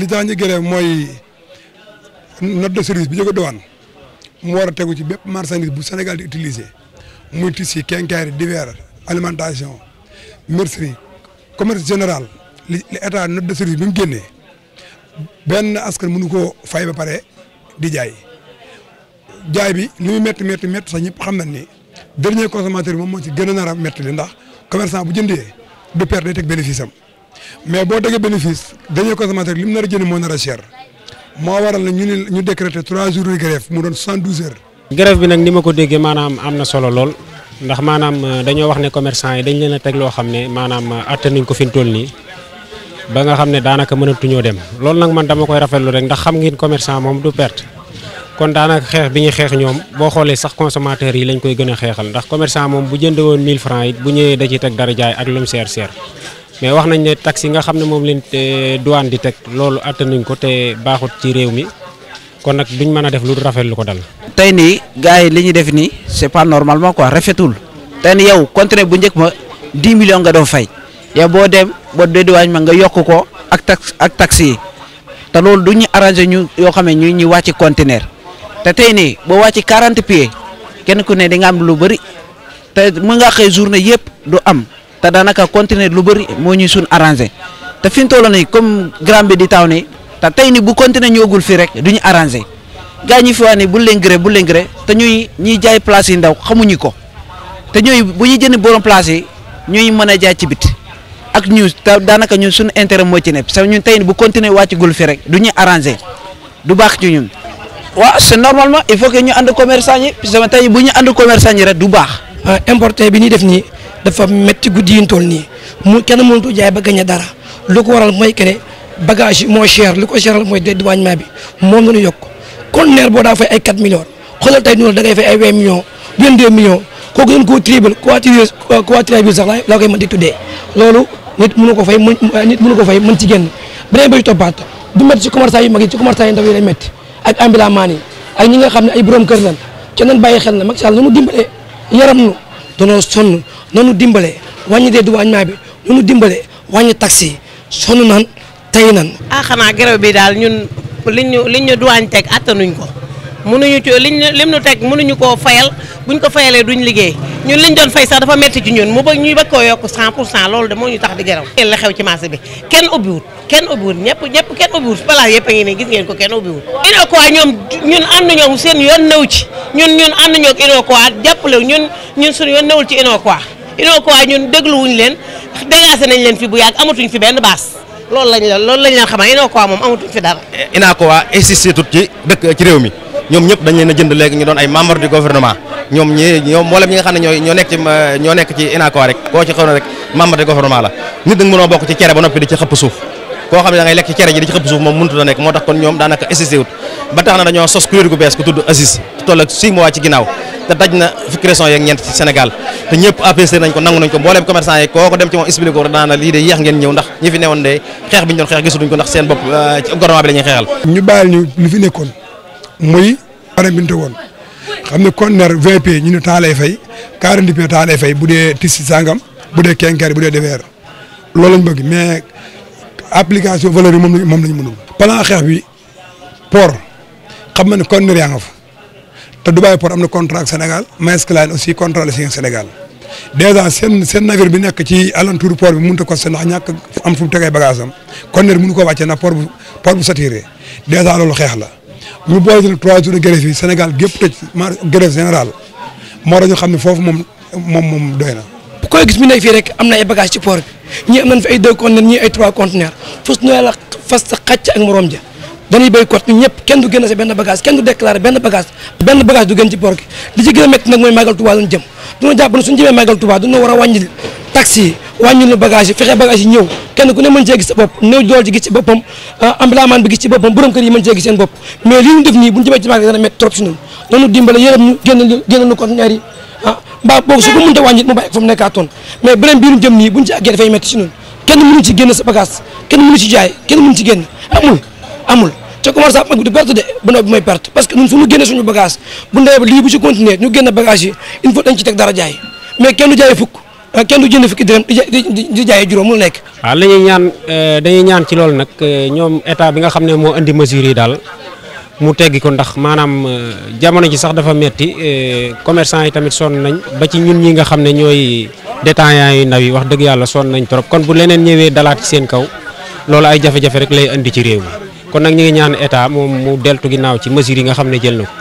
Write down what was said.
li tax ñu grève mooy note de service bi jóge douane mu war a tegu ci bépp marchandise bu Sénégal di utiliser muy tissu quincaillerie divers alimentation mercerie commerce général li état note de service bi mu génnee benn askan mënu koo fay ba pare di jaay jaay bi li muy métti métti métti sax xam nañ ni dernier consommateur moom moo ci gën a nar a métti li ndax commerçant bu jëndee du perte day teg bénéfice mais bo dégué bénéfice dañu consommateur li mu nar a jënd moo nar a cher mo waral ñu ñu décréter 3 jours de grève mu don 112 heures. grève bi nak nima ko déggee manam amna solo lol ndax manam euh, dañu wax né commerçant yi dañ leena a lo xamné manam ne maanaam euh, ko fiñ tolni ba nga xamné danaka mëna tuñu dem lol nak man dama koy rafetlu rek ndax xam ngeen commerçant mom du perte. kon danaka xex bi ñu xeex ñoom boo xoolee sax consommateur yi lañ koy gëna xexal ndax commerçant mom bu jënd woon 1000 francs it bu ñëwé da ci teg dara jaay ak lu mu ser seer mais wax nañ né taxi nga xamné mom moom leen eh, douane di teg loolu attanuñ ko te baaxut ci réew mi kon nak duñ mëna def lu rafetlu ko dal tay ni gaay yi li def ni c'est pas normalement quoi rafetul tay ni yow contrat bu ñëk ma 10 millions nga do fay ya bo dem bo dee douane ma nga yok ko ak tax ak taxi té lolu loolu du ñu arrangé ñu ñu ñi wacc conteneur té tay ni bo wacc 40 pieds kenn ku né di nga am lu bari té mën nga journée yépp du am te daanaka continuer lu bëri moo ñuy suñ arrangé te fi mu toll nii comme grand bi di taw nii te tey ni bu continuer ñoogul fii rek du ñu arrangé gaa ñi fi wax ni bu leen gré bu jaay place yi ndaw xamuñu ko te ñooy bu ñuy jënd borom place yi ñuy mën a jaay ci bit ak ñu te daanaka ñun suñu intérêt moo ci nekk sa ñun tey bu continuer wàccagul fi rek du arrangé du baax ci ñun. waa c'est normalement il faut que ñu ànd commerçant yi parce tey bu ñu ànd commerçant yi rek du baax. Euh, importé bi ñuy def nii. dafa métti guddi yi ñu toll nii mu kenn mënutoo jaay ba gañe dara lu ko waral mooy que ne bagage yi moo cher li ko cheral mooy dédouanement bi moo la ñu yokk conteneur boo daa fay ay 4 millions xoolal tey noonu da ngay fay ay 20 millions 22 millions kooku doon koo di tuddee loolu nit mënu ko fay mën nit mënu ko fay mën ci génn beneen bi ci toppaat du métti ci commerçant yu mag yi ci commerçant yu ndaw yi lay métti ak ambulant yi ak ñi nga xam ne ay borom kër lan ca nan bàyyi xel na Macky Sall nu mu dimbalee yaram nu danoo sonn nonu dimbale wàññi dee duwaañ bi nanu dimbale wàññi taxi yi sonn nan tey nan ah xanaa grève bi daal ñun liñ ñu liñ ñu duwaañ teg attanuñ ko mënuñu ci liñ lim nu teg mënuñu koo fayal buñ ko fayalee duñ liggéey ñun liñ doon fey sax dafa metti ci ñun mu bëgg ñuy bëgg koo yokk 100 pour cent loolu de moo ñu tax di gërëm. la xew ci marché bi kenn ubbiwut kenn ubbiwut ñëpp ñëpp kenn ubbiwut place yëpp a ngi nii gis ngeen ko kenn ubbiwut. Unocois ñoom ñun ànd ñoom seen yoon nëw ci ñun ñun ànd ñoo ak Unocois jàppale ñun ñun suñu yoon nëwul ci Unocois Unocois ñun dégluwuñ leen dégagé nañ leen fi bu yàgg amatuñ fi benn baas loolu lañ leen loolu lañ leen xamal Unocois moom amatuñ fi dara. Unocois insisté tut ci dëkk ci réew mi ñoom ñëpp dañ leen a jënd léegi ñu doon ay membre du gouvernement ñoom ñi ñoom mboolem ñi nga xam ne ñoo nekk ci ñoo rek koo ci xaw rek membre du gouvernement la nit nag mënoo bokk ci cere ba noppi di ci xëpp suuf koo xam ne da lekk ci cere ji di ci xëpp suuf moom mënut a nekk moo tax kon ñoom daanaka assisté ba tax na dañoo sos kuréel gu bees ku tudd ACIS toll ak 6 ci ginnaaw te daj na fukki régions yeeg ngeen ñëw ndax ñi de xeex muy anam bi ñu tegoon xam ne conteneur 20 pieds ñu ne temps lay fay 40 pieds temps lay fay bu dee tissu sangam bu dee kenkeer bu dee defeer loolu lañ bëgg mais application valeur yi moom lañ moom lañ mënul. plan xeex bi port xam na ne conteneur yaa nga fa te Dubaï port am na contrat ak Sénégal Maersk aussi contrat la ak Sénégal dèjà seen seen navire bi nekk ci alentour port bi mënut a costé ndax ñàkk am fu tegee bagage am conteneur mënu ko wàccee ndax port bu port bu saturé dèjà loolu xeex la. ñu boole ci trois jours de grève yi Sénégal gépp ma grève générale moo tax xam ne foofu moom moom moom doy na. bu koy gis mu ne fii rek am na ay bagages ci port bi ñii am nañ fi ay deux conteneurs ñii ay trois conteneurs fas ñooy la fas sa xàcc ak morom ja dañuy boycott ñu ñëpp kenn du génn sa benn bagage kenn du benn bagage du gën ci port gi li ci gën a métti nag mooy màggal Touba lañ jëm duna jàpp ne suñu jëmee màggal Touba duna war a wàññil taxi yi wàññil bagage yi fexe bagage yi ñëw kenn ku ne mën cee gis bopp néew dool ci ah, seen bopp mais li ñu def nii buñu jëmee ci màggal dana métti trop si ñun noonu dimbale yërëm ñu génn génn ah, si ñun kenn mënu ci jaay kenn mënu ci génn amul amul ca commerçant man du perte de bu nawet bi may perte parce que ñun suñu génne suñu bagage bu nawet li bu ci continuer ñu génne bagage yi il faut dañ ci tek dara jaay mais kenn du jaay fukk ah, kenn du jënd fukki dërëm di di jaay juróom mu nekk. waaw ah, la ñuy ñaan euh, dañuy ñaan ci lool nak euh, ñom état bi nga xam mo andi mesure yi dal mu teggi ko ndax manam euh, jamono ji sax dafa metti commerçant yi tamit son nañ ba ci ñun ñi nga xam ñoy détaillant yi ndaw yi wax dëgg yalla son nañ trop kon bu leneen ñëwé dalat ci seen kaw lolu ay jafé jafé rek lay andi ci réew mi. kon nag ñu ngi ñaan état moom mu deltu ginnaaw ci mesures yi nga xam ne jël na